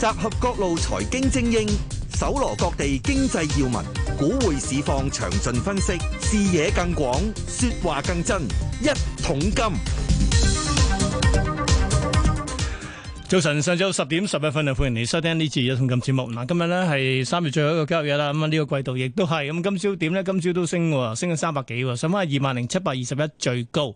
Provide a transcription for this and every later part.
集合各路財經精英，搜羅各地經濟要聞，股匯市況詳盡分析，視野更廣，說話更真。一桶金。早晨，上晝十點十一分，就歡迎你收聽呢次一桶金節目。嗱，今日呢係三月最後一個交易日啦。咁啊，呢個季度亦都係咁，今朝點呢？今朝都升，升咗三百幾，上翻係二萬零七百二十一最高，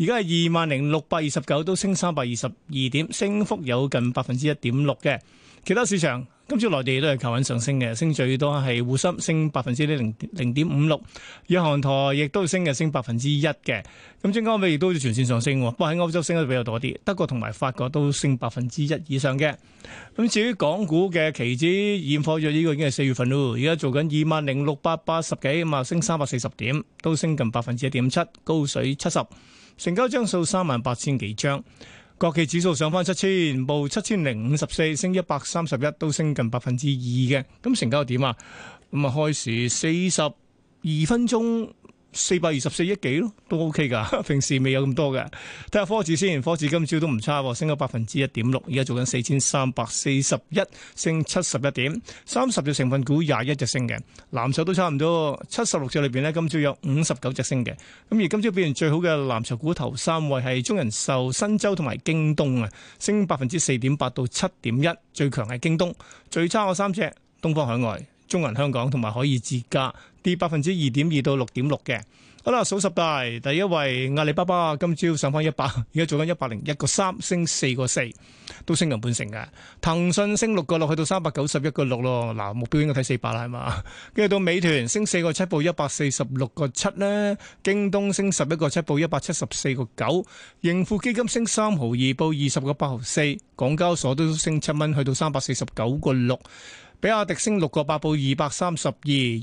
而家係二萬零六百二十九，都升三百二十二點，升幅有近百分之一點六嘅。其他市場今朝內地都係求穩上升嘅，升最多係滬深升百分之零零點五六，日韓台亦都升嘅，升百分之一嘅。咁新加坡亦都全線上升喎，不過喺歐洲升得比較多啲，德國同埋法國都升百分之一以上嘅。咁至於港股嘅期指現貨約呢個已經係四月份咯，而家做緊二萬零六百八十幾啊，升三百四十點，都升近百分之一點七，高水七十，成交張數三萬八千幾張。國企指數，上返七千，報七千零五十四，升一百三十一，都升近百分之二嘅。咁成交點啊？咁啊，開市四十二分鐘。四百二十四億幾咯，都 OK 噶。平時未有咁多嘅，睇下科指先。科指今朝都唔差，升咗百分之一點六，而家做緊四千三百四十一，升七十一點。三十隻成分股廿一隻升嘅，藍籌都差唔多。七十六隻裏邊呢，今朝有五十九隻升嘅。咁而今朝表現最好嘅藍籌股頭三位係中人壽、新洲同埋京東啊，升百分之四點八到七點一，最強係京東，最差嘅三隻：東方海外、中銀香港同埋海爾之家。跌百分之二點二到六點六嘅，好啦，數十大第一位阿里巴巴今朝上翻一百，而家做緊一百零一個三，升四個四，都升近半成嘅。騰訊升六個六去到三百九十一個六咯，嗱，目標應該睇四百啦，係嘛？跟住到美團升四個七報一百四十六個七呢。京東升十一個七報一百七十四個九，盈富基金升三毫二報二十個八毫四，港交所都升七蚊去到三百四十九個六。比亞迪升六個八，報二百三十二；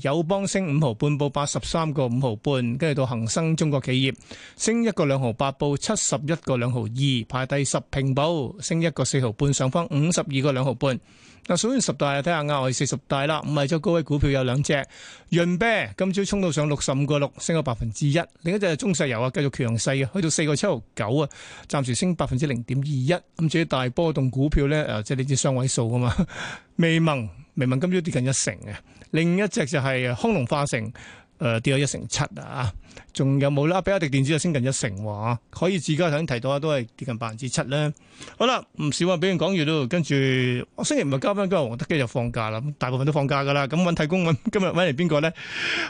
友邦升五毫半，報八十三個五毫半。跟住到恒生中國企業升一個兩毫八，報七十一個兩毫二，排第十平保，升一個四毫半，上方五十二個兩毫半。嗱，數完十大睇下額外四十大啦，五十週高位股票有兩隻，潤啤今朝衝到上六十五個六，升咗百分之一，另一隻係中石油啊，繼續強勢啊，去到四個七毫九啊，暫時升百分之零點二一。咁至於大波動股票咧，誒，即係呢啲雙位數啊嘛，微盟，微盟今朝跌近一成嘅，另一隻就係康龍化成。誒、呃、跌咗一成七啊！仲有冇咧？比亞迪電子又升近一成喎，啊，可以自家頭先提到啊，都係跌近百分之七咧，啊。好啦，唔少話俾人講完都，跟住我星期五交翻工，黃德基就放假啦。大部分都放假㗎啦。咁揾替工，今日揾嚟邊個咧？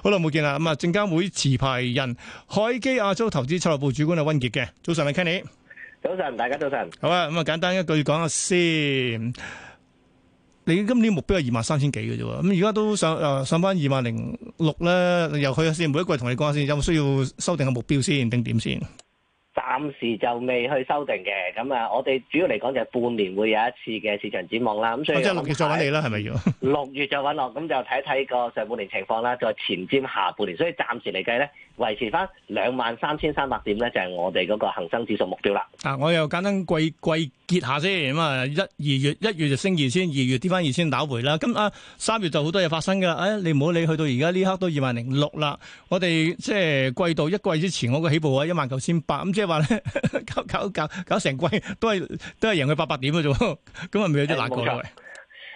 好耐冇見啦。咁啊，證監會持牌人海基亞洲投資策略部主管係溫傑嘅。早晨啊，Kenny。早晨，大家早晨。好啊，咁啊簡單一句講下先。你今年目標係二萬三千幾嘅啫喎，咁而家都上誒、呃、上翻二萬零六咧，又去下先，每一季同你講下先，有冇需要修訂下目標先定點先？暫時就未去修訂嘅，咁啊，我哋主要嚟講就係半年會有一次嘅市場展望啦。咁所以即係六月再揾你啦，係咪要？六 月就揾落，咁就睇一睇個上半年情況啦，再前瞻下半年。所以暫時嚟計咧，維持翻兩萬三千三百點咧，就係我哋嗰個恆生指數目標啦。啊，我又簡單季季結一下先，咁啊，一二月一月就升二千，二月跌翻二千，打回啦。咁啊，三月就好多嘢發生㗎喇。誒、哎，你唔好理去到而家呢刻都二萬零六啦。我哋即係季度一季之前，我個起步位一萬九千八，咁即係話 搞搞搞搞成季都係都係贏佢八百點嘅啫， 咁係咪有啲難講？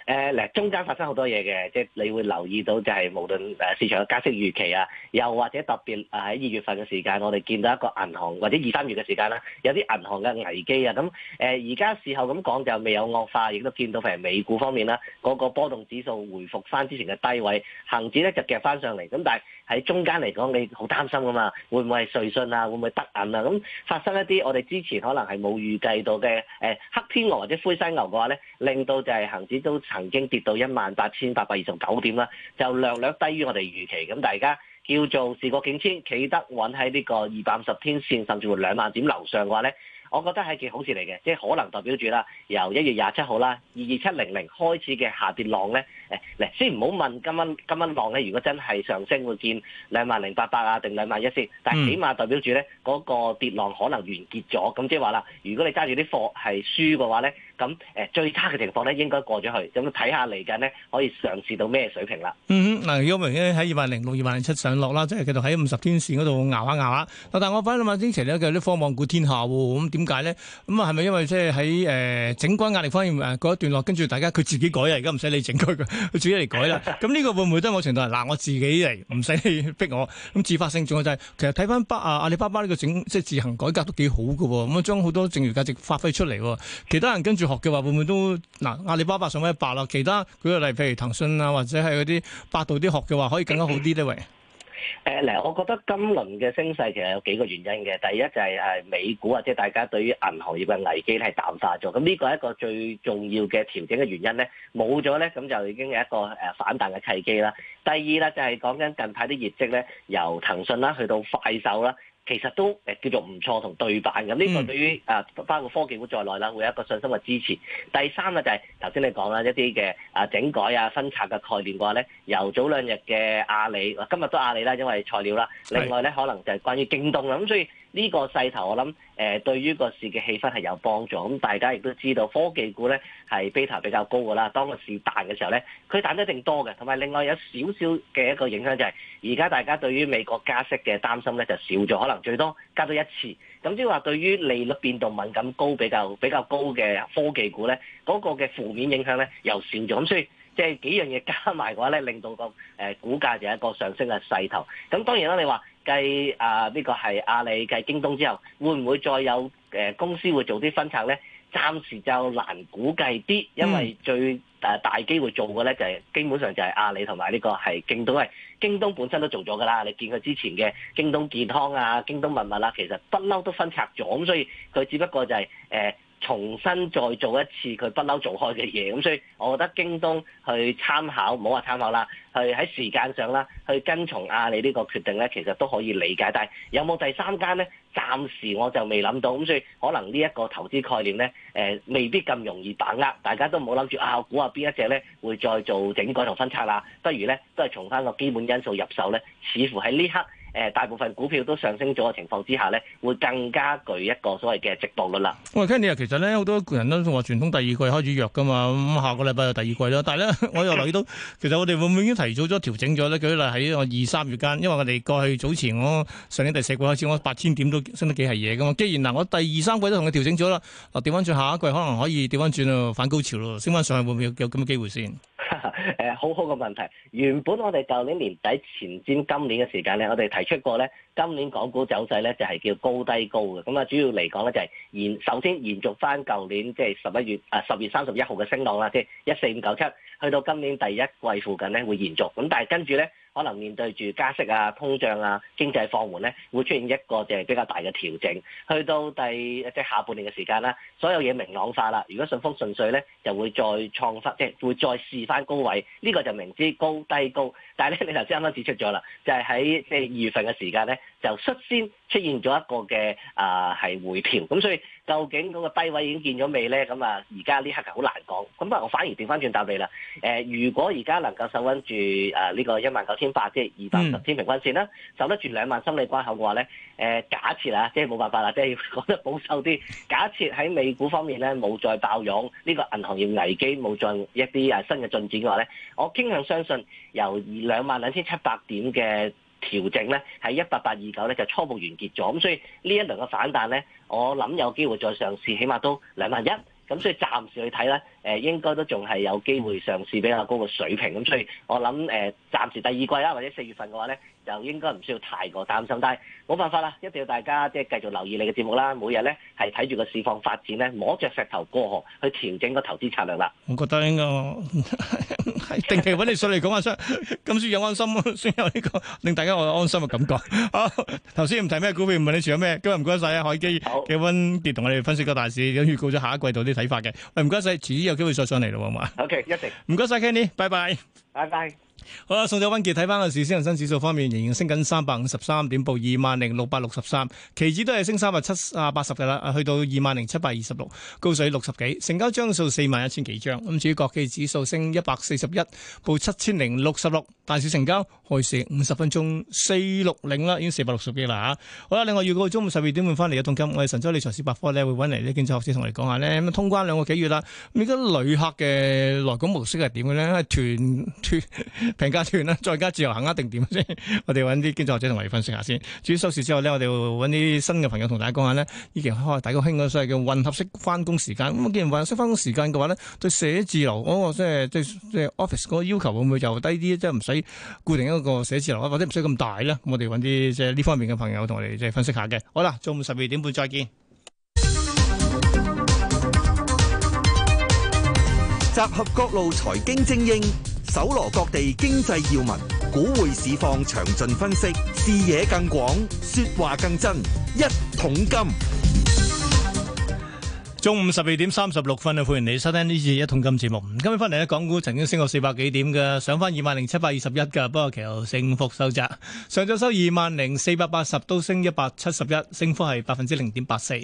誒，嗱，中間發生好多嘢嘅，即係你會留意到，就係無論誒市場嘅加息預期啊，又或者特別喺二月份嘅時間，我哋見到一個銀行或者二三月嘅時間啦，有啲銀行嘅危機啊，咁誒而家事後咁講就未有惡化，亦都見到譬如美股方面啦，嗰個波動指數回復翻之前嘅低位，恒指咧就夾翻上嚟，咁但係。喺中間嚟講，你好擔心噶嘛？會唔會係瑞信啊？會唔會德銀啊？咁發生一啲我哋之前可能係冇預計到嘅誒黑天鵝或者灰犀牛嘅話咧，令到就係恆指都曾經跌到一萬八千八百二十九點啦，就略略低於我哋預期。咁大家叫做事過境遷，企得穩喺呢個二百五十天線甚至乎兩萬點樓上嘅話咧，我覺得係件好事嚟嘅，即係可能代表住啦，由一月廿七號啦，二二七零零開始嘅下跌浪咧。誒，嚟先唔好問，今晚今晚浪咧，如果真係上升會見兩萬零八百啊，定兩萬一千，但係起碼代表住咧嗰個跌浪可能完結咗，咁即係話啦，如果你揸住啲貨係輸嘅話咧，咁誒、呃、最差嘅情況咧應該過咗去，咁睇下嚟緊咧可以嘗試到咩水平啦。嗯哼，嗱、嗯，如果明係喺二萬零六、二萬零七上落啦，即係繼續喺五十天線嗰度熬下熬下。但我翻到萬千前咧，佢有啲科網股天下喎，咁點解咧？咁啊，係咪因為即係喺誒整改壓力方面過一段落，跟住大家佢自己改啊，而家唔使你整佢自己嚟改啦，咁呢個會唔會都係我程度嗱？我自己嚟，唔使逼我，咁自發性仲嘅就係、是，其實睇翻巴啊阿里巴巴呢個整即係自行改革都幾好噶，咁啊將好多剩餘價值發揮出嚟，其他人跟住學嘅話會唔會都嗱？阿里巴巴上咩一白啦，其他舉個例，譬如騰訊啊，或者係嗰啲百度啲學嘅話，可以更加好啲呢？喂。 誒，嗱，我覺得今輪嘅升勢其實有幾個原因嘅。第一就係誒美股或者大家對於銀行業嘅危機咧係淡化咗，咁、這、呢個係一個最重要嘅調整嘅原因咧，冇咗咧，咁就已經有一個誒反彈嘅契機啦。第二咧就係講緊近排啲業績咧，由騰訊啦，去到快手啦。其實都叫做唔錯同對板嘅，咁、這、呢個對於誒、啊、包括科技股在內啦，會有一個信心嘅支持。第三呢，就係頭先你講啦，一啲嘅整改啊分拆嘅概念嘅話咧，由早兩日嘅阿里，啊、今日都阿里啦，因為材料啦，另外咧可能就係關於京東啦，咁所以。呢、這個勢頭我諗誒對於個市嘅氣氛係有幫助，咁大家亦都知道科技股咧係比 e 比較高㗎啦。當個市大嘅時候咧，佢彈得一定多嘅。同埋另外有少少嘅一個影響就係、是，而家大家對於美國加息嘅擔心咧就少咗，可能最多加到一次。咁即係話對於利率變動敏感高比較比較高嘅科技股咧，嗰、那個嘅負面影響咧又少咗。咁所以。即係幾樣嘢加埋嘅話咧，令到個誒股價就係一個上升嘅勢頭。咁當然啦，你話計啊呢、呢個係阿里計京東之後，會唔會再有誒、呃、公司會做啲分拆咧？暫時就難估計啲，因為最大機會做嘅咧就係嗯、基本上就係阿里同埋呢個係京東。因為京東本身都做咗噶啦，你見佢之前嘅京東健康啊、京東物物啦、啊，其實不嬲都分拆咗，咁所以佢只不過就係、係、誒。呃重新再做一次佢不嬲做開嘅嘢，咁所以我覺得京東去參考，唔好話參考啦，去喺時間上啦，去跟從阿里呢個決定咧，其實都可以理解。但係有冇第三間咧？暫時我就未諗到，咁所以可能呢一個投資概念咧，誒、呃、未必咁容易把握。大家都唔好諗住啊，我估下邊一隻咧會再做整改同分拆啦。不如咧都係從翻個基本因素入手咧，似乎喺呢刻。呃、大部分股票都上升咗嘅情況之下咧，會更加具一個所謂嘅值博率啦。喂，Kenny，你話其實咧，好多人都話傳統第二季開始弱噶嘛，咁、嗯、下個禮拜就第二季啦。但係咧，我又留意到， 其實我哋會唔會已經提早咗調整咗咧？舉例喺我二三月間，因為我哋過去早前我上年第四季開始，我八千點都升得幾係嘢噶嘛。既然嗱，我第二三季都同佢調整咗啦，嗱，調翻轉下一季可能可以調翻轉反高潮咯，升翻上去會唔會有咁嘅機會先？誒， 好好嘅問題，原本我哋舊年年底前瞻今年嘅時間咧，我哋提出過咧，今年港股走勢咧就係叫高低高嘅，咁啊主要嚟講咧就係延首先延續翻舊年即係十一月啊十月三十一號嘅升浪啦，即係一四五九七，去到今年第一季附近咧會延續，咁但係跟住咧。可能面對住加息啊、通脹啊、經濟放緩咧，會出現一個就係比較大嘅調整。去到第即係下半年嘅時間啦，所有嘢明朗化啦。如果順風順水咧，就會再創翻即係會再試翻高位。呢個就明知高低高，但係咧你頭先啱啱指出咗啦，就係喺即係二月份嘅時間咧，就率先出現咗一個嘅啊係回調。咁所以究竟嗰個低位已經見咗未咧？咁啊而家呢一刻好難講。咁啊我反而調翻轉答你啦。誒如果而家能夠守穩住啊呢個一萬九千。嗯、即係二百五十天平均線啦，受得住兩萬心理關口嘅話咧，誒、呃、假設啊，即係冇辦法啦，即係講得保守啲，假設喺美股方面咧冇再爆湧，呢個銀行業危機冇再一啲誒新嘅進展嘅話咧，我傾向相信由兩萬兩千七百點嘅調整咧，喺一八八二九咧就初步完結咗，咁所以呢一輪嘅反彈咧，我諗有機會再上市，起碼都兩萬一，咁所以暫時去睇啦。誒應該都仲係有機會上市比較高嘅水平，咁所以我諗誒暫時第二季呀，或者四月份嘅話咧，就應該唔需要太過擔心。但係冇辦法啦，一定要大家即係繼續留意你嘅節目啦，每日咧係睇住個市況發展咧，摸着石頭過河去調整個投資策略啦。我覺得應該係 定期揾你上嚟講下先，咁 先有安心先有呢個令大家我安心嘅感覺。啊， 頭先唔提咩股票，唔問你仲咗咩？今日唔該晒啊，海基嘅温傑同我哋分析個大市，咁預告咗下一季度啲睇法嘅。唔該晒。主要。機會再上嚟咯，好嘛？OK，一定。唔該晒 Kenny，拜拜，拜拜。好啦，宋兆溫杰睇翻個市，先恒生指數方面仍然升緊三百五十三點，報二萬零六百六十三，期指都係升三百七啊八十嘅啦，去到二萬零七百二十六，高水六十幾，成交張數四萬一千幾張。咁至於國際指數升一百四十一，報七千零六十六，大市成交開市五十分鐘四六零啦，460，已經四百六十幾啦吓。好啦，另外預告，中午十二點半翻嚟嘅一桶金，我哋神州理財師百科呢會揾嚟呢經濟學者同我哋講下呢。咁通關兩個幾月啦，咁而家旅客嘅來港模式係點嘅咧？團團。團平價段啦，再加自由行 一定點先？我哋揾啲經濟學者同我哋分析下先。至於收市之後呢，我哋揾啲新嘅朋友同大家講下呢。以前開大家興嗰所謂嘅混合式翻工時間。咁既然混合式翻工時間嘅話呢，對寫字樓嗰個即係即係 office 嗰個要求會唔會就低啲？即係唔使固定一個寫字樓，或者唔使咁大咧。我哋揾啲即係呢方面嘅朋友同我哋即係分析下嘅。好啦，中午十二點半再見。集合各路財經精英。搜羅各地經濟要聞，股匯市況詳盡分析，視野更廣，說話更真，一桶金。中午十二點三十六分啊，歡迎你收聽呢次一桶金節目。今日翻嚟咧，港股曾經升過四百幾點嘅，上翻二萬零七百二十一嘅，不過其後升幅收窄，上晝收二萬零四百八十，都升一百七十一，升幅係百分之零點八四。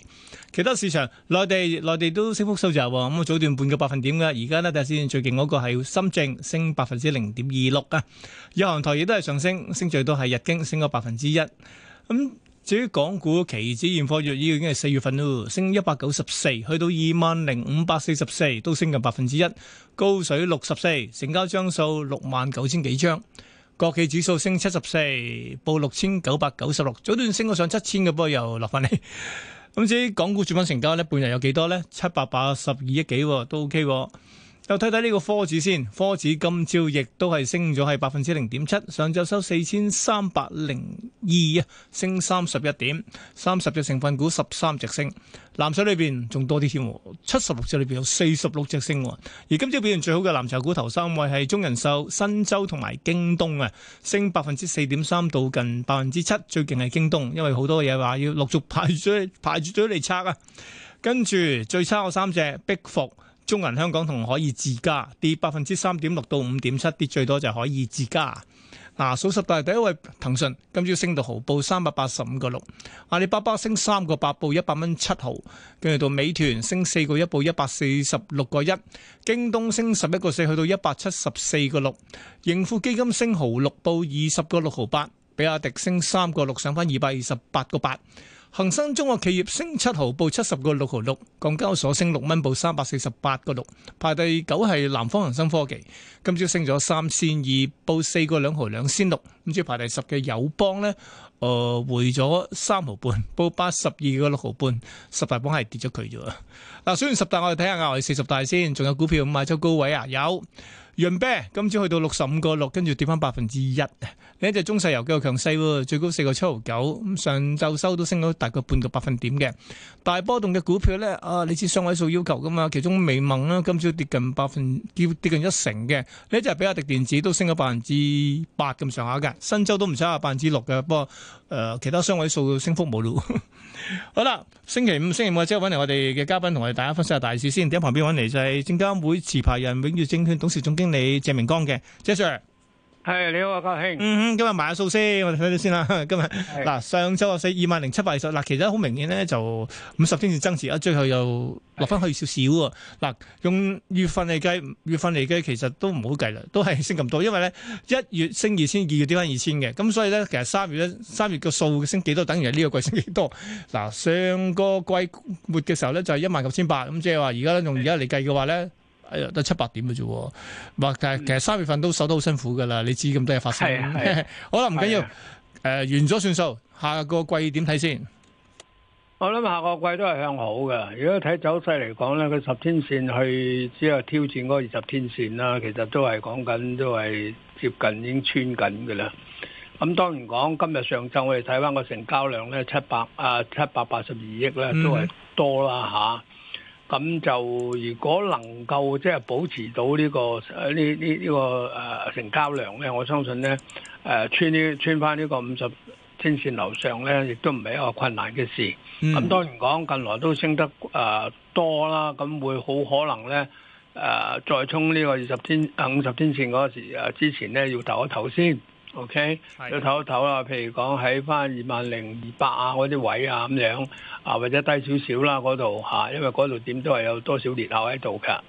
其他市場內地內地都升幅收窄，咁啊早段半個百分點嘅，而家呢，睇先，最近嗰個係深證升百分之零點二六啊，日韓台亦都係上升，升最多係日經升個百分之一，咁、嗯。至於港股期指現貨月依個已經係四月份啦，升一百九十四，去到二萬零五百四十四，都升近百分之一，高水六十四，成交張數六萬九千幾張，國企指數升七十四，報六千九百九十六，早段升咗上七千嘅波，又落翻嚟。咁至於港股主板成交呢，半日有幾多呢？七百八十二億幾，都 OK。又睇睇呢個科指先，科指今朝亦都係升咗，係百分之零點七。上晝收四千三百零二啊，升三十一點，三十隻成分股十三隻升。藍籌裏邊仲多啲添，七十六隻裏邊有四十六隻升。而今朝表現最好嘅藍籌股頭三位係中人壽、新洲同埋京東啊，升百分之四點三到近百分之七，最勁係京東，因為好多嘢話要陸續排住隊，排住隊嚟測啊。跟住最差嗰三隻，逼服。中銀香港同可以自加跌百分之三點六到五點七，跌最多就可以自加。嗱，數十大第一位騰訊今朝升到毫報三百八十五個六，阿里巴巴升三個八報一百蚊七毫，跟住到美團升四個一報一百四十六個一，京東升十一個四去到一百七十四個六，盈富基金升毫六報二十個六毫八，比亞迪升三個六上返二百二十八個八。恒生中國企業升七毫，報七十個六毫六；港交所升六蚊，報三百四十八個六。排第九係南方恒生科技，今朝升咗三仙二，報四個兩毫兩仙六。今朝排第十嘅友邦呢，誒、呃，回咗三毫半，報八十二個六毫半。十大榜係跌咗佢咋。嗱，雖然十大我哋睇下，看看我哋四十大先，仲有股票賣出高位啊？有。潤啤今朝去到六十五個六，跟住跌翻百分之一。呢一隻中石油比較強勢喎，最高四個七毫九，咁上晝收都升咗大概半個百分點嘅。大波動嘅股票咧，啊，你知雙位數要求噶嘛？其中微盟啦，今朝跌近百分跌跌近一成嘅。呢一隻比亞迪電子都升咗百分之八咁上下嘅，新洲都唔差啊，百分之六嘅。不過誒、呃，其他雙位數升幅冇咯。 好啦，星期五星期五即係搵嚟我哋嘅嘉賓同我哋大家分析下大市先。點喺旁邊搵嚟就係證監會持牌人永越證券董事總經理你鄭明光嘅 j Sir，係，你好啊，家兄。嗯哼，今日買下數先，我睇睇先啦。今日嗱，上周六四二萬零七百二十。嗱，其實好明顯咧，就五十天線增持啊，最後又落翻去少少。嗱，用月份嚟計，月份嚟計，其實都唔好計啦，都係升咁多。因為咧，一月升二千，二月跌翻二千嘅，咁所以咧，其實三月咧，三月嘅數升幾多，等於係呢個季升幾多。嗱，上個季末嘅時候咧，就係一萬九千八。咁即係話，而家用而家嚟計嘅話咧。哎呀，得七八點嘅啫，哇！但係其實三月份都守得好辛苦噶啦，你知咁多嘢發生。啊啊、 好啦，唔緊要，誒、啊呃、完咗算數，下個季點睇先？我諗下個季都係向好嘅，如果睇走勢嚟講咧，佢十天線去只有挑戰嗰二十天線啦，其實都係講緊都係接近已經穿緊嘅啦。咁當然講今日上晝我哋睇翻個成交量咧，七百啊七百八十二億咧，都係多啦嚇。啊。咁就如果能夠即係保持到呢、呢個呢呢呢成交量咧，我相信咧、呃、穿呢穿翻呢個五十天線樓上咧，亦都唔係一個困難嘅事。咁、嗯、當然講近來都升得、呃、多啦，咁會好可能咧、呃、再衝呢個二十天五十天線嗰時之前咧要投一投先。O K，都唞一唞啦，譬如講喺翻二萬零二百啊嗰啲位啊咁樣，啊或者低少少啦嗰度嚇，因為嗰度點都係有多少年後喺度㗎。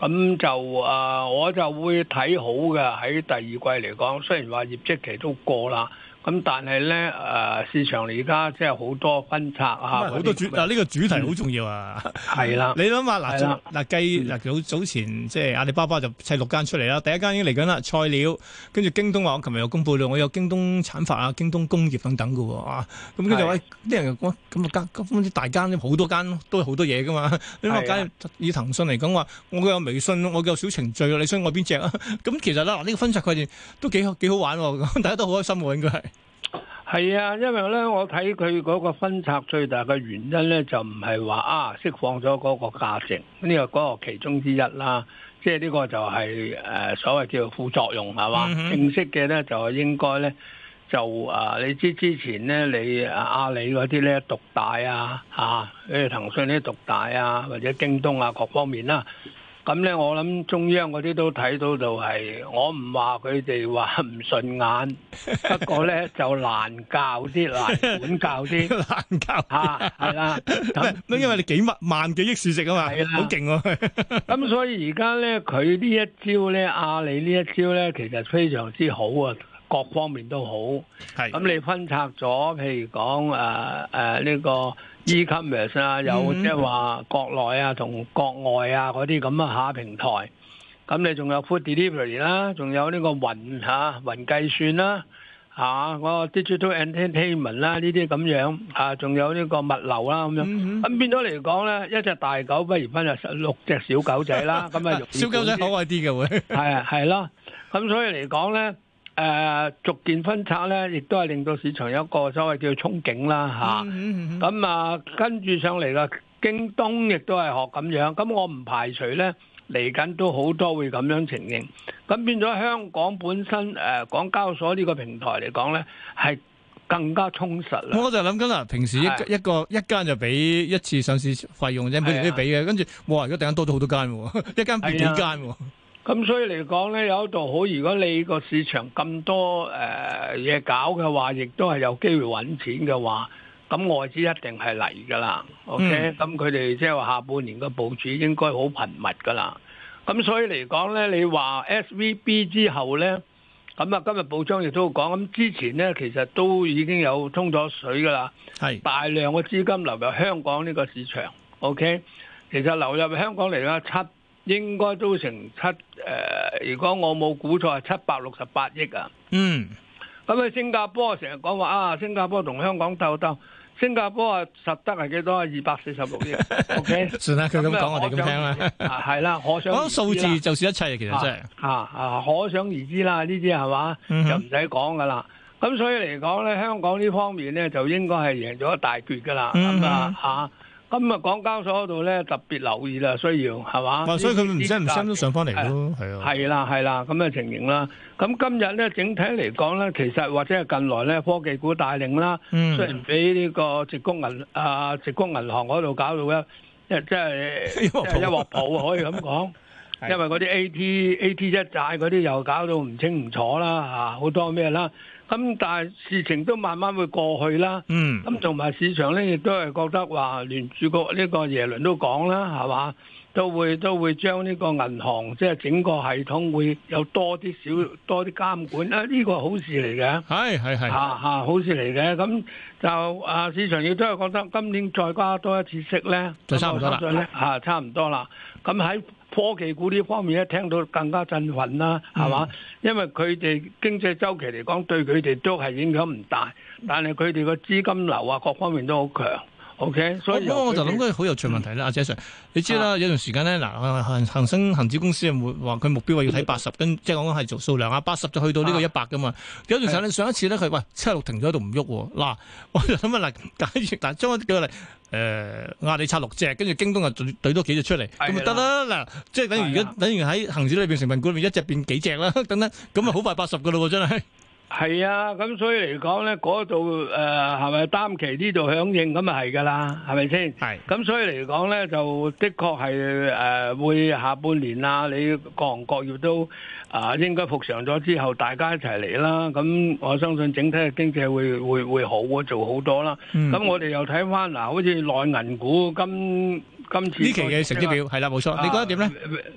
咁就啊，我就會睇好嘅喺第二季嚟講，雖然話業績期都過啦。咁但係咧，誒、啊、市場而家即係好多分拆好、啊、多主啊呢、呢個主題好重要啊，係、嗯嗯嗯、啦，你諗下，嗱嗱計嗱早早前即係阿里巴巴就砌六間出嚟啦，第一間已經嚟緊啦，菜鳥，跟住京東話我琴日又公布啦，我有京東產發啊、京東工業等等㗎喎咁跟住話，啲、啊哎、人又講咁啊間，咁大間好多間，都好多嘢㗎嘛，你話間以騰訊嚟講話，我嘅有微信，我嘅有小程序你想我邊隻、 這個、啊？咁其實啦，呢個分拆概念都幾幾好玩喎，大家都好開心喎、啊，應該係。係啊，因為咧，我睇佢嗰個分拆最大嘅原因咧，就唔係話啊釋放咗嗰個價值呢個嗰個其中之一啦，即係呢個就係、是、誒、呃、所謂叫副作用係嘛、嗯，正式嘅咧就係應該咧就啊，你知之前咧你阿里嗰啲咧獨大啊吓，跟住騰訊啲獨大啊，或者京東啊，各方面啦、啊。咁、嗯、咧，我諗中央嗰啲都睇到就係，我唔話佢哋話唔順眼， 不過咧就難教啲，難管教啲， 難教嚇，係啦。咁、嗯、因為你幾萬萬幾億市值啊嘛，好勁啊！咁、 嗯、所以而家咧，佢呢一招咧，阿里呢一招咧，其實非常之好啊，各方面都好。係，咁、嗯、你分拆咗，譬如講誒誒呢個。e-commerce 啊，有即係話國內啊同國外啊嗰啲咁啊下平台，咁你仲有 food delivery 啦，仲有呢個雲吓雲計算啦，吓嗰個 digital entertainment 啦呢啲咁樣啊，仲有呢個物流啦咁樣，咁變咗嚟講咧，一隻大狗不如分就十六隻小狗仔啦，咁啊，小狗仔可愛啲嘅會，係啊係啦，咁所以嚟講咧。誒、呃、逐漸分拆咧，亦都係令到市場有一個所謂叫憧憬啦嚇。咁、嗯嗯嗯、啊，跟住上嚟啦，京東亦都係學咁樣。咁、嗯、我唔排除咧，嚟緊都好多會咁樣情形。咁變咗香港本身誒、呃、港交所呢個平台嚟講咧，係更加充實。我就諗緊啦，平時一個、啊、一個一間就俾一次上市費用啫，每年都要俾嘅。跟住、啊、哇，而家突然多咗好多間、啊，一間變幾間喎、啊。 咁所以嚟講咧，有一度好。如果你個市場咁多呃、嘢搞嘅話，亦都係有機會揾錢嘅話，咁外資一定係嚟噶啦。OK，咁佢哋即係話下半年嘅部署應該好頻密噶啦。咁所以嚟講咧，你話 S V B 之後咧，咁啊今日報章亦都講，咁之前咧，其實都已經有通咗水噶啦。係大量嘅資金流入香港呢個市場。OK，其實流入香港嚟啦七。應該都成七誒、呃，如果我冇估錯係七百六十八億啊！嗯，咁啊，新加坡成日講話啊，新加坡同香港鬥鬥，新加坡、 OK? 啊，實得係幾多啊？二百四十六億。O K，算啦，佢咁講，我哋咁聽啦。係啦，可想講數字就是一切其實真係嚇嚇，可想而知啦。呢啲係嘛，就唔使講噶啦。咁、嗯、所以嚟講咧，香港呢方面咧，就應該係贏咗一大橛噶啦。咁、嗯、啊嚇。咁啊，港交所嗰度咧特別留意啦，需要係嘛？啊，所以佢唔升唔升都上翻嚟咯，係啊。係啦係啦，咁嘅情形啦。咁今日咧，整體嚟講咧，其實或者係近來咧，科技股帶領啦。嗯。雖然俾呢個矽谷銀啊，矽谷銀行嗰度搞到咧，即係一鑊泡可以咁講。係。因為嗰啲 A T A T 一債嗰啲又搞到唔清唔楚啦，嚇好多咩啦。咁但係事情都慢慢會過去啦。咁同埋市場咧，亦都係覺得話聯儲局呢個耶倫都講啦，係嘛？都會都會將呢個銀行即係、就是、整個系統會有多啲少多啲監管咧。呢、啊、個好事嚟嘅，係係係好事嚟嘅。咁就啊，市場亦都係覺得今年再加多一次息咧，就差唔多啦差唔多啦。咁、啊、喺、啊科技股呢方面一聽到更加振奮啦，係嘛？因為佢哋經濟周期嚟講對佢哋都係影響唔大，但係佢哋個資金流啊各方面都好強。O K，咁我我就諗個好有趣問題啦，阿、嗯啊、姐 Sir，你知啦、啊，有一段時間咧，嗱，恆生恆指公司說他80，啊，沒話佢目標話要睇八十，跟即係講緊係做數量啊，八十就去到呢個一百噶嘛。啊、有一段時候咧，上一次咧，佢喂七六停咗喺度唔喐喎。嗱、啊啊，我就諗問嗱，假如但將我舉例誒，我、啊、你拆六隻，跟住京東又堆多幾隻出嚟，咁咪得啦。嗱，即係、就是、等如而家等如喺恒指裏邊成分股裏邊一隻變幾隻啦。等等，咁啊好快八十噶咯喎，真係。 係啊，咁所以嚟講咧，嗰度誒係咪單期？呢、呃、度響應咁咪係噶啦，係咪先？係。咁所以嚟講咧，就的確係誒、呃、會下半年啊，你各行各業都啊、呃、應該復常咗之後，大家一齊嚟啦。咁我相信整體嘅經濟會會會好啊，做好多啦。咁、嗯、我哋又睇翻嗱，好似內銀股今。呢期嘅成績表係啦，冇錯。你覺得點咧？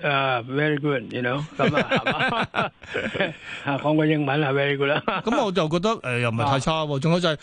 誒，very good，you know。咁啊，講個英文係 very good 啦。咁我就覺得誒又唔係太差喎，仲好在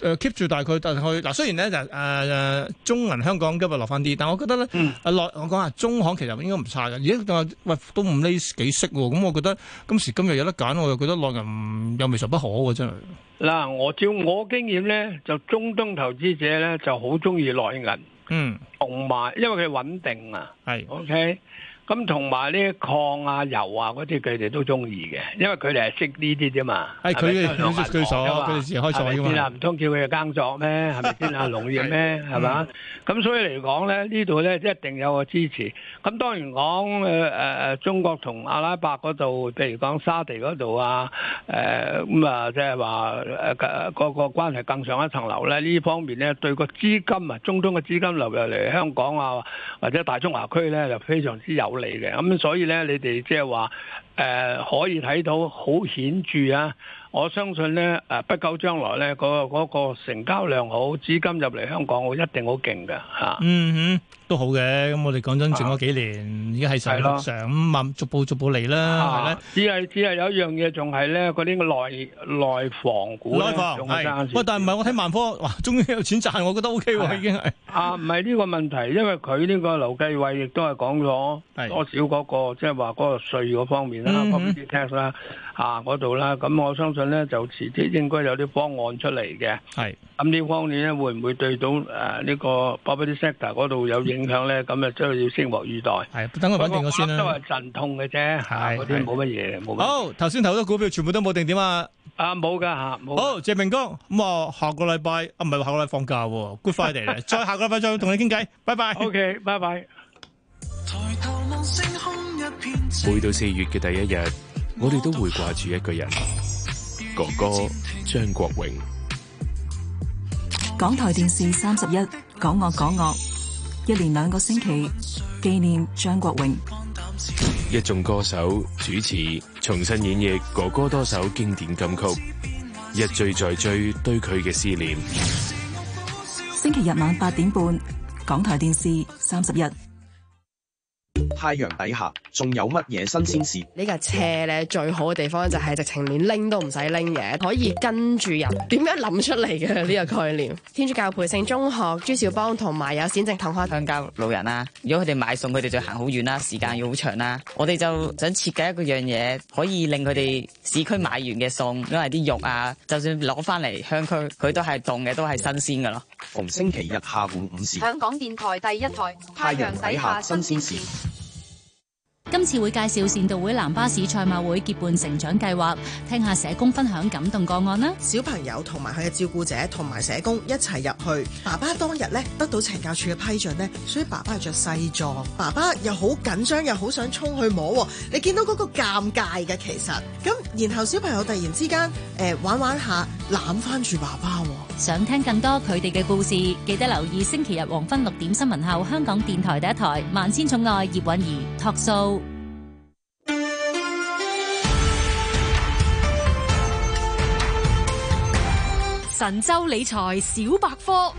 誒 keep 住大概就去嗱。雖然咧就誒誒中銀香港今日落翻啲，但係我覺得咧內我講下，中行其實應該唔差嘅。而家喂都五厘幾息喎，咁我覺得今時今日有得揀，我又覺得內銀又未嘗不可嘅真係。嗱，我照我經驗咧，就中東投資者咧就好中意內銀。嗯，同埋，因為佢穩定啊，係，O K。Okay? 咁同埋呢啲礦啊、油啊嗰啲，佢哋都中意嘅，因為佢哋係識呢啲啫嘛。係佢哋，佢哋最傻，佢哋自開始噶嘛。係咪先啊？唔通叫佢哋耕作咩？係咪先啊？農業咩？係嘛？咁、嗯、所以嚟講咧，呢度咧一定有個支持。咁當然講誒誒，中國同阿拉伯嗰度，譬如講沙地嗰度啊，誒咁啊，即係話誒個個關係更上一層樓咧。呢方面咧，對個資金啊，中東嘅資金流入嚟香港啊，或者大中華區咧，就非常之有嚟嘅，咁所以咧，你哋即係話誒，可以睇到好顯著啊！我相信咧，誒不久將來咧，嗰、嗰個嗰個成交量好，資金入嚟香港，會一定好勁嘅嚇。嗯哼，都好嘅。咁我哋講真，剩咗幾年，而家係上六上慢啊，逐步逐步嚟啦，係、啊、咧。只係只係有一樣嘢，仲係咧嗰啲個內內房股，內房係。喂，但係唔係我睇萬科，哇，終於有錢賺，我覺得 OK 喎、啊，已經係。啊，唔係呢個問題，因為佢呢個樓價位亦都係講咗多少嗰、嗰個，即係話嗰個稅嗰方面啦 property tax 啦。嗯嗯啊，嗰度啦，咁我相信咧就遲啲應該有啲方案出嚟嘅。係，咁呢方面咧會唔會對到誒呢個 property sector 嗰度有影響咧？咁啊，都要先拭目以待。係，等佢穩定咗先啦。都係陣痛嘅啫，係，冇乜嘢，冇。好，頭先投多股票全部都冇定點啊？啊，冇噶吓，冇。好，謝明光，咁啊，下個禮拜啊，唔係下個禮拜放假，good Friday 咧，再下個禮拜再同你傾偈，拜拜。OK，拜拜。抬頭望星空一片，回到四月嘅第一日。我哋都會掛住一個人，哥哥張國榮。港台電視三十一，港樂港樂，一連兩個星期紀念張國榮。一眾歌手主持重新演繹哥哥多首經典金曲，一追再追，對佢嘅思念。星期日晚八點半，港台電視三十一。太陽底下仲有乜嘢新鮮事？呢架車咧最好嘅地方就係直情連拎都唔使拎嘢，可以跟住人點樣諗出嚟嘅呢個概念。天主教培聖中學朱兆邦同埋有線正同學鄉郊老人啦。如果佢哋買餸，佢哋就行好遠啦，時間要好長啦。我哋就想設計一個樣嘢，可以令佢哋市區買完嘅餸，因為啲肉啊，就算攞翻嚟鄉區，佢都係凍嘅，都係新鮮噶咯。逢星期日下午五時，香港電台第一台，太陽底下新鮮事。今次會介紹善道會南巴士賽馬會結伴成長計劃，聽下社工分享感動個案啦。小朋友同埋佢嘅照顧者同埋社工一齊入去。爸爸當日咧得到懲教處嘅批准咧，所以爸爸係着西裝。爸爸又好緊張又好想衝去摸，你見到嗰個尷尬嘅其實。咁然後小朋友突然之間，誒、呃、玩玩下攬翻住爸爸。想聽更多佢哋嘅故事，記得留意星期日黃昏六點新聞後，香港電台第一台《萬千寵愛葉蘊儀》Talk Show。神州理財小百科。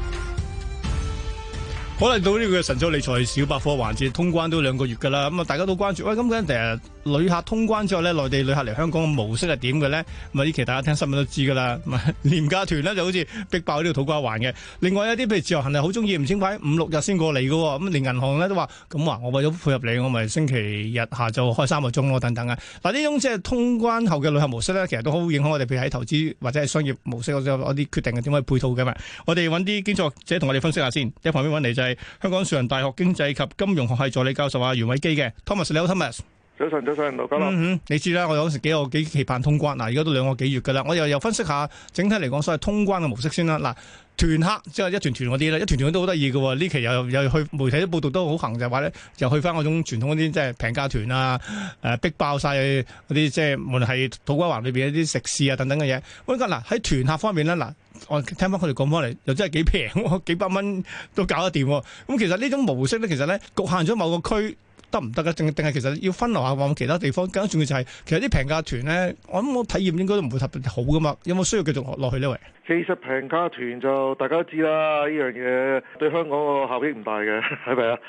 可能到呢個神州理財小百科環節通關都兩個月噶啦，咁啊，大家都關注喂，咁嗰日。旅客通關之後咧，內地旅客嚟香港嘅模式係點嘅呢？咁啊，呢期大家聽新聞都知㗎啦。廉價團呢就好似逼爆呢個土瓜灣嘅。另外一啲譬如自由行，係好中意唔清返五六日先過嚟嘅。咁連銀行咧都話咁啊，我為咗配合你，我咪星期日下晝開三個鐘咯，等等嘅嗱。呢種即係通關後嘅旅客模式呢，其實都好影響我哋，譬如喺投資或者係商業模式，我啲決定係點去配套嘅嘛。我哋揾啲經濟學者同我哋分析下先。喺旁邊揾嚟就係香港樹仁大學經濟及金融學系助理教授阿袁偉基嘅 Thomas，你好，Thomas。早晨早上，早上哥嗯嗯，你知啦，我有時幾有期盼通關。嗱，而家都兩個幾月㗎啦。我又又分析一下整體嚟講，所謂通關嘅模式先啦。嗱，團客即係一團團嗰啲啦，一團團都好得意嘅。呢期又又去媒體都報道都好行，就係話咧，又去翻嗰種傳統嗰啲即係平價團啊，誒逼爆晒嗰啲即係無論係土瓜灣裏面一啲食肆啊等等嘅嘢。喂，嗱喺團客方面咧，嗱我聽翻佢哋講翻嚟，又真係幾平，幾百蚊都搞得掂。咁其，其實呢種模式咧，其實咧局限咗某個區。得唔得啊？定定係其實要分流一下往其他地方？更加重要就係其實啲平價團咧，我諗我體驗應該都唔會特別好噶嘛。有冇需要繼續落落去呢？喂，其實平價團就大家都知啦，呢樣嘢對香港個效益唔大嘅，係咪啊？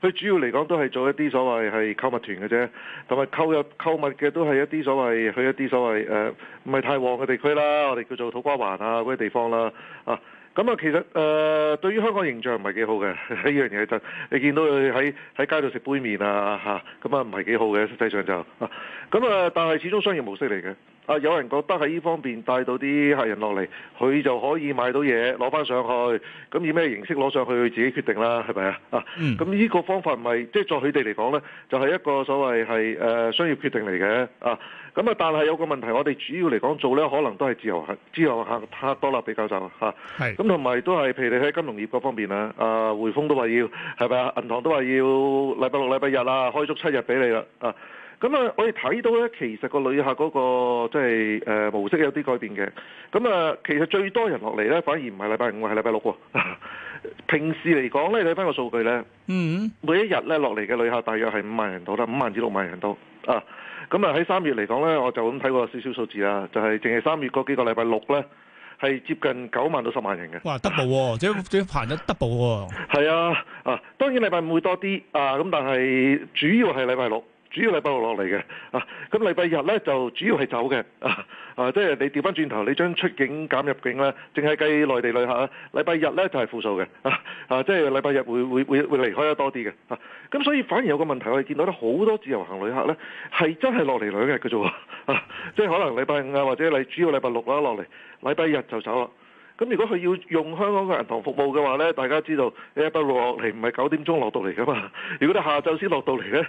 佢主要嚟講都係做一啲所謂係購物團嘅啫，同埋購入購物嘅都係一啲所謂去一啲所謂誒唔係太旺嘅地區啦，我哋叫做土瓜灣啊嗰啲地方啦啊。咁啊，其實誒、呃、對於香港形象唔係幾好嘅呢樣嘢就， 你見到佢喺喺街度食杯麵啊嚇，咁啊唔係幾好嘅，實際上就啊，咁啊但係始終商業模式嚟嘅。啊！有人覺得喺呢方面帶到啲客人落嚟，佢就可以買到嘢攞翻上去，咁以咩形式攞上去，佢自己決定啦，係咪啊？啊，咁呢個方法唔係即係作佢哋嚟講呢，就係、是、一個所謂係誒商業決定嚟嘅啊。咁啊，但係有個問題，我哋主要嚟講做呢，可能都係自由客，自由客太多啦，比較就嚇。咁同埋都係，譬如你喺金融業嗰方面，啊，啊匯豐都話要係咪啊，銀行都話要禮拜六、禮拜日啊，開足七日俾你啦啊。咁啊，我哋睇到咧，其實個旅客嗰個即係誒模式有啲改變嘅。咁啊，其實最多人落嚟咧，反而唔係禮拜五，係禮拜六喎。 平時嚟講咧，你睇翻個數據咧，嗯，每一日咧落嚟嘅旅客大約係五萬人到啦，五萬至六萬人到啊。咁啊，喺三月嚟講咧，我就咁睇過少少數字啊，就係淨係三月嗰幾個禮拜六咧，係接近九萬到十萬人嘅。哇，得步喎，即係即係排咗得步喎。係啊，啊當然禮拜五會多啲啊，咁但係主要係禮拜六。主要禮拜六落嚟嘅，啊，咁禮拜日呢就主要係走嘅，啊，啊，即係你調翻轉頭，你將出境減入境啦，淨係計內地旅客，啊，禮拜日呢就係負數嘅，啊，啊，即係禮拜日會會會會離開得多啲嘅，啊，咁所以反而有個問題，我哋見到咧好多自由行旅客呢係真係落嚟兩日嘅啫喎，啊，即係可能禮拜五啊或者你主要禮拜六啦落嚟，禮拜日就走啦。咁如果佢要用香港嘅銀行服務嘅話呢，大家知道你一到落嚟唔係九點鐘落到嚟噶嘛？如果你下晝先落到嚟呢，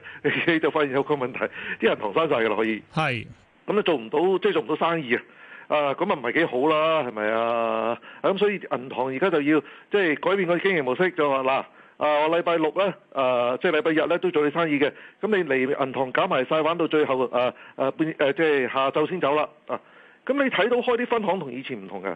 你就發現有個問題，啲銀行閂晒嘅啦，可以。係，咁你做唔到，即係做唔到生意啊，咁啊唔係幾好啦，係咪啊？咁所以銀行而家就要即係改變佢經營模式，就話嗱，啊，我禮拜六呢，啊，即係禮拜日呢，都做你生意嘅。咁你嚟銀行搞埋晒玩到最後，啊啊半，即係下晝先走啦。啊，咁你睇到開啲分行同以前唔同嘅。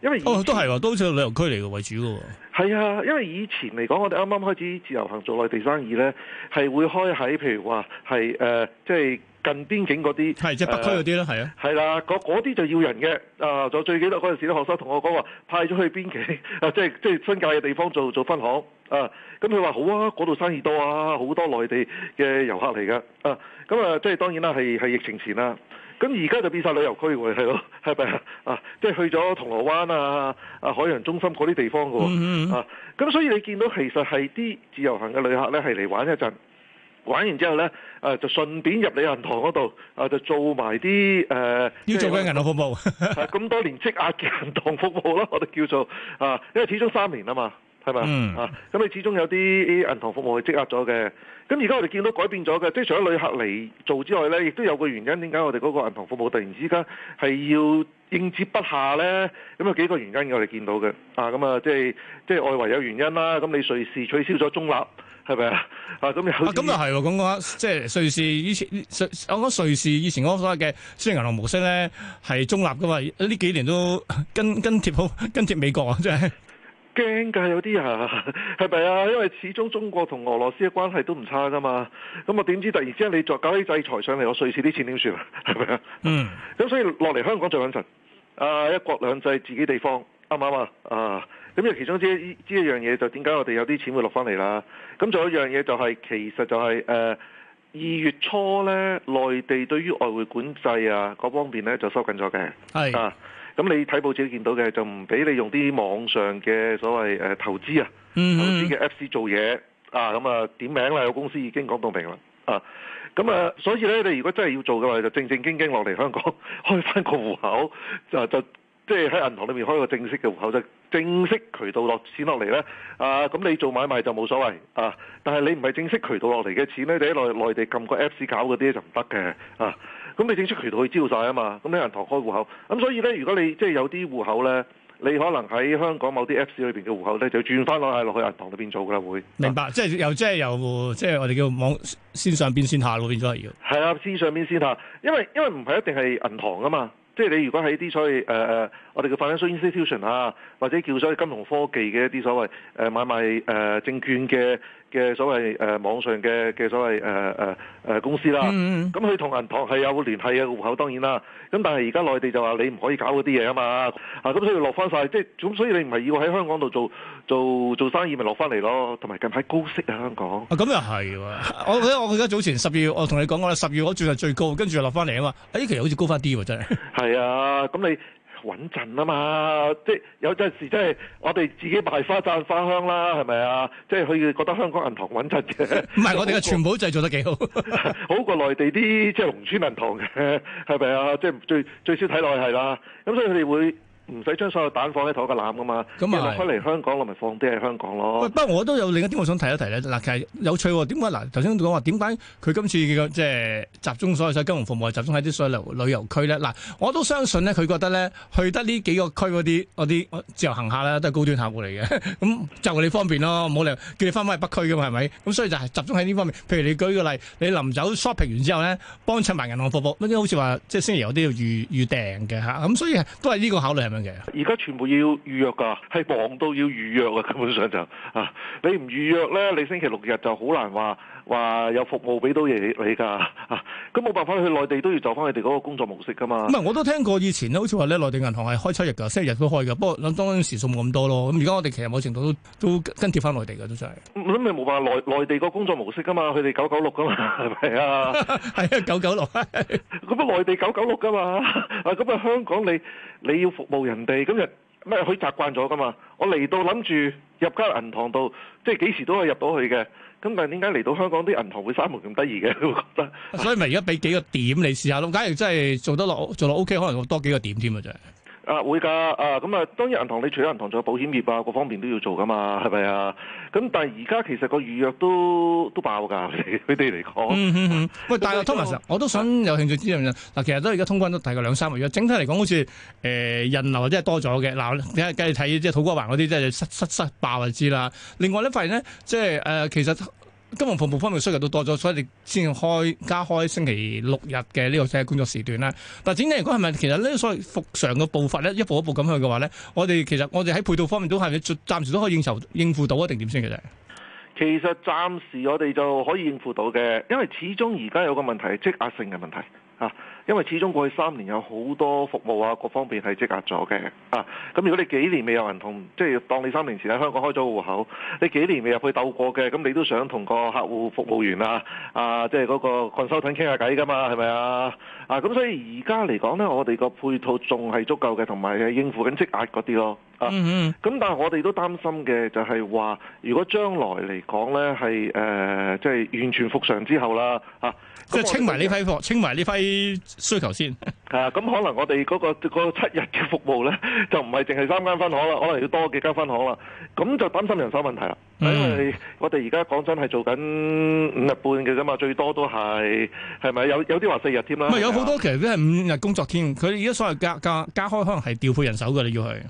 因為哦，都係喎，都好似旅遊區嚟嘅為主嘅喎。係啊，因為以前嚟講，我哋啱啱開始自由行做內地生意咧，係會開喺譬如話係誒，即係、呃就是、近邊境嗰啲係即北區嗰啲啦。係、呃、啊。係啦，嗰啲就要人嘅啊。就最記得嗰陣時啲學生同我講話派咗去邊境啊，即係即係新界嘅地方做做分行啊。咁佢話好啊，嗰度生意多啊，好多內地嘅遊客嚟㗎啊。咁、呃、啊，即係、就是、當然啦，係係疫情前啦。咁而家就變晒旅遊區喎，係咯，係咪啊？啊，即係去咗銅鑼灣啊、啊海洋中心嗰啲地方嘅喎，啊、嗯嗯嗯，咁所以你見到其實係啲自由行嘅旅客咧，係嚟玩一陣，玩完之後咧，誒就順便入你銀行嗰度，啊就做埋啲誒，要做咩銀行,行, 行服務，咁多年積壓嘅銀行服務咯，我哋叫做啊，因為始終三年啊嘛。係嘛啊！咁你始終有啲銀行服務係積壓咗嘅。咁而家我哋見到改變咗嘅，即係除咗旅客嚟做之外咧，亦都有個原因點解我哋嗰個銀行服務突然之間係要應接不暇咧？咁有幾個原因我哋見到嘅啊，咁啊即係即係外圍有原因啦。咁你瑞士取消咗中立，係咪啊？啊咁有。咁啊係喎，講講即係瑞士以前，講講瑞士，瑞士，瑞士以前嗰個嘅私人銀行模式咧係中立噶嘛？呢幾年都跟跟貼好跟貼美國啊，真係驚噶，有啲啊係咪啊？因為始終中國同俄羅斯嘅關係都唔差噶嘛，咁啊點知突然之間你再搞啲制裁上嚟，我瑞士啲錢點算啊？係咪啊？嗯，咁所以落嚟香港最穩陣，啊一國兩制自己地方啱唔啱啊？咁又其中之之一樣嘢就點解我哋有啲錢會落翻嚟啦？咁仲有一樣嘢就係，其實就係誒二月初呢，內地對於外匯管制啊嗰方面呢，就收緊咗嘅，係啊。咁你睇報紙見到嘅就唔俾你用啲網上嘅所謂誒投資啊，投資嘅 Apps 做嘢、mm-hmm. 啊，咁、嗯、啊點名啦，有公司已經講到明啦啊，咁、嗯、啊，所以咧你如果真係要做嘅話，就正正經經落嚟香港開翻個戶口就就即係喺銀行裏面開個正式嘅戶口，就正式渠道落錢落嚟咧啊，咁、嗯、你做買賣就冇所謂啊，但係你唔係正式渠道落嚟嘅錢咧，你喺內內地撳個 Apps 搞嗰啲就唔得嘅啊。咁你整出渠道去招晒啊嘛，咁你人銀行開戶口，咁所以咧，如果你即係有啲戶口咧，你可能喺香港某啲 Apps 裏邊嘅戶口咧，就轉翻落係落去銀行裏邊做噶啦會。明白，啊、即係由即係由即係我哋叫網線上邊線下咯，變咗係要。係啊，線上邊線下，因為因為唔係一定係銀行啊嘛。即係你如果喺啲所謂誒誒、呃，我哋嘅 financial institution 啊，或者叫所謂金融科技嘅一啲所謂誒、呃、買賣誒、呃、證券嘅嘅所謂誒、呃、網上嘅嘅所謂誒誒誒公司啦，咁佢同銀行係有聯繫嘅戶口，當然啦。咁但係而家內地就話你唔可以搞嗰啲嘢啊嘛，啊咁所以落翻晒。即係咁，所以你唔係要喺香港度做。做做生意咪落翻嚟咯，同埋近排高息啊，香港啊咁又係喎，我記得我記得早前十月我同你講過，十月我轉到最高，跟住又落翻嚟啊嘛，哎，其實好似高翻啲喎，真係。係啊，咁你穩陣啊嘛，即係有陣時即係我哋自己賣花讚花香啦，係咪啊？即係佢覺得香港銀行穩陣嘅。唔係，我哋嘅全部都製造得幾好，好過內地啲即係農村銀行嘅，係咪啊？即係最最少睇落係啦，咁所以佢哋會。唔使將所有蛋放喺同一個籃㗎嘛，咁啊，落返嚟香港我咪放啲喺香港咯。不過我都有另一點我想提一提咧，嗱，其實有趣喎，點解嗱？頭先講話點解佢今次即係集中所有嘅金融服務集中喺啲所有旅遊區咧？嗱，我都相信咧，佢覺得咧，去得呢幾個區嗰啲啲自由行客啦，都係高端客戶嚟嘅，咁、 嗯、就你方便咯，冇理由叫你翻返去北區㗎嘛，係咪？咁所以就係集中喺呢方面，譬如你舉個例，你臨走 shopping 完之後咧，幫襯埋銀行服務，乜嘢好似話即係星期日有啲要預預訂嘅嚇，咁、嗯、所以都係呢個考慮係咪？而家全部要預約㗎，係忙到要預約啊！根本上就啊，你唔預約呢，你星期六日就好難話。話有服務俾到嘢你噶，咁冇辦法去內地都要做翻佢哋嗰個工作模式噶嘛。咁啊，我都聽過以前咧，好似話咧內地銀行係開七日噶，七日都開噶，不過諗當時數冇咁多咯。咁而家我哋其實某程度都都跟貼翻內地噶，都真係。咁咪冇辦法，內內地個工作模式噶嘛，佢哋九九六噶嘛，係咪啊？係啊，九九六。咁啊，內地九九六噶嘛。咁啊，香港你你要服務人哋，咁就。咩？佢習慣咗噶嘛？我嚟到諗住入間銀行度，即係幾時都可以入到去嘅。咁但係點解嚟到香港啲銀行會閂門咁得意嘅？佢會覺得。所以咪而家俾幾個點你試下咯。假如真係做得落做落 OK，可能多幾個點添啊！真係。啊會噶啊，咁啊當然銀行，你除咗銀行仲有保險業啊，各方面都要做噶嘛，係咪啊？咁但係而家其實個預約都都爆㗎，佢哋嚟講。嗯嗯，嗯喂，但係 Thomas 我都想有興趣知一樣嘢嗱，其實都而家通關都大概兩三個月，整體嚟講好似誒人流真係多咗嘅。嗱，你睇睇即係土瓜灣嗰啲，即係失失失爆就知啦。另外一份咧，即係誒、呃、其實。金融服務方面需求都多咗，所以你先開加開星期六日嘅呢個第工作時段啦。但係整體嚟講係咪其實呢？所謂復常嘅步伐咧，一步一步咁去嘅話咧，我哋其實我哋喺配套方面都係暫時都可以應酬應付到啊，定點先嘅啫。其實其實暫時我哋就可以應付到嘅，因為始終而家有個問題係積壓性嘅問題啊。因為始終過去三年有好多服務啊，各方面係積壓咗嘅啊。咁如果你幾年未有人同，即係當你三年前喺香港開咗戶口，你幾年未入去鬥過嘅，咁你都想同個客戶服務員啊啊，即係嗰個 consultant 傾下偈㗎嘛，係咪啊？啊咁所以而家嚟講呢，我哋個配套仲係足夠嘅，同埋係應付緊積壓嗰啲咯。嗯、啊、嗯，咁但係我哋都擔心嘅就係話，如果將來嚟講咧，係誒即係完全復常之後啦，嚇、啊嗯，即係清埋呢批貨，清埋呢批需求先。係啊，咁、嗯嗯、可能我哋嗰、那個嗰個七日嘅服務咧，就唔係淨係三間分行啦，可能要多幾間分行啦。咁就擔心人手問題啦、嗯，因為我哋而家講真係做緊五日半嘅啫嘛，最多都係係咪有有啲話四日添啦？唔有好多其實都係五日工作添天。佢而家所以所謂加加加開，可能係調配人手嘅你要去。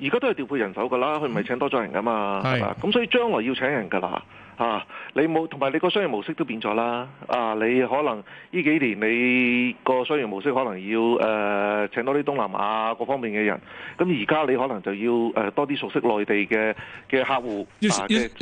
而家都係調配人手㗎啦，佢唔係請多咗人㗎嘛，係嘛？咁所以將來要請人㗎啦，嚇、啊、你冇同埋你個商業模式都變咗啦，啊！你可能呢幾年你個商業模式可能要誒、呃、請多啲東南亞各方面嘅人，咁而家你可能就要誒、呃、多啲熟悉內地嘅嘅客戶，要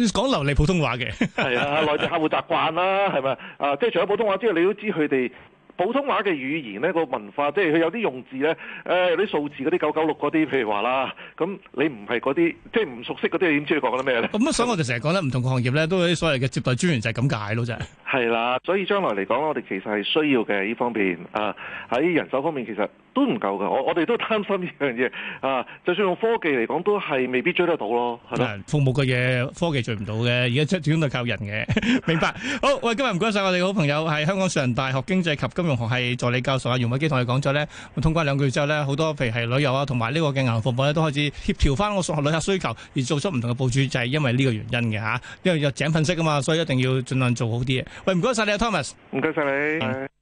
講、啊、流利普通話嘅，係 啊，內地客戶習慣啦、啊，係咪啊？即係除咗普通話之外，你都知佢哋。普通話嘅語言咧，個文化即係佢有啲用字咧，誒、呃、啲數字嗰啲九九六嗰啲，譬如話啦，咁你唔係嗰啲，即係唔熟悉嗰啲，你點知你講緊咩咧？咁啊，所以我哋成日講咧，唔 同嘅行業咧，都有啲所謂嘅接待專員就係咁解咯，啫係啦，所以將來嚟講我哋其實係需要嘅呢方面啊，喺人手方面其實。都唔夠噶，我我哋都擔心呢樣嘢啊！就算用科技嚟講，都係未必追得到咯，係咯。服務嘅嘢，科技追唔到嘅，而家即係主要靠人嘅。明白。 好，喂，今日唔該晒。我哋好朋友，係香港樹仁大學經濟及金融學系助理教授阿袁偉基，同你講咗咧，我通關兩句之後咧，好多譬如係旅遊啊，同埋呢個嘅銀行服務咧，都開始協調翻學數旅客需求，而做出唔同嘅部署。就係、是、因為呢個原因嘅吓。因為有井噴式㗎嘛，所以一定要盡量做好啲嘢。喂，唔該晒你啊，Thomas。唔該晒你。嗯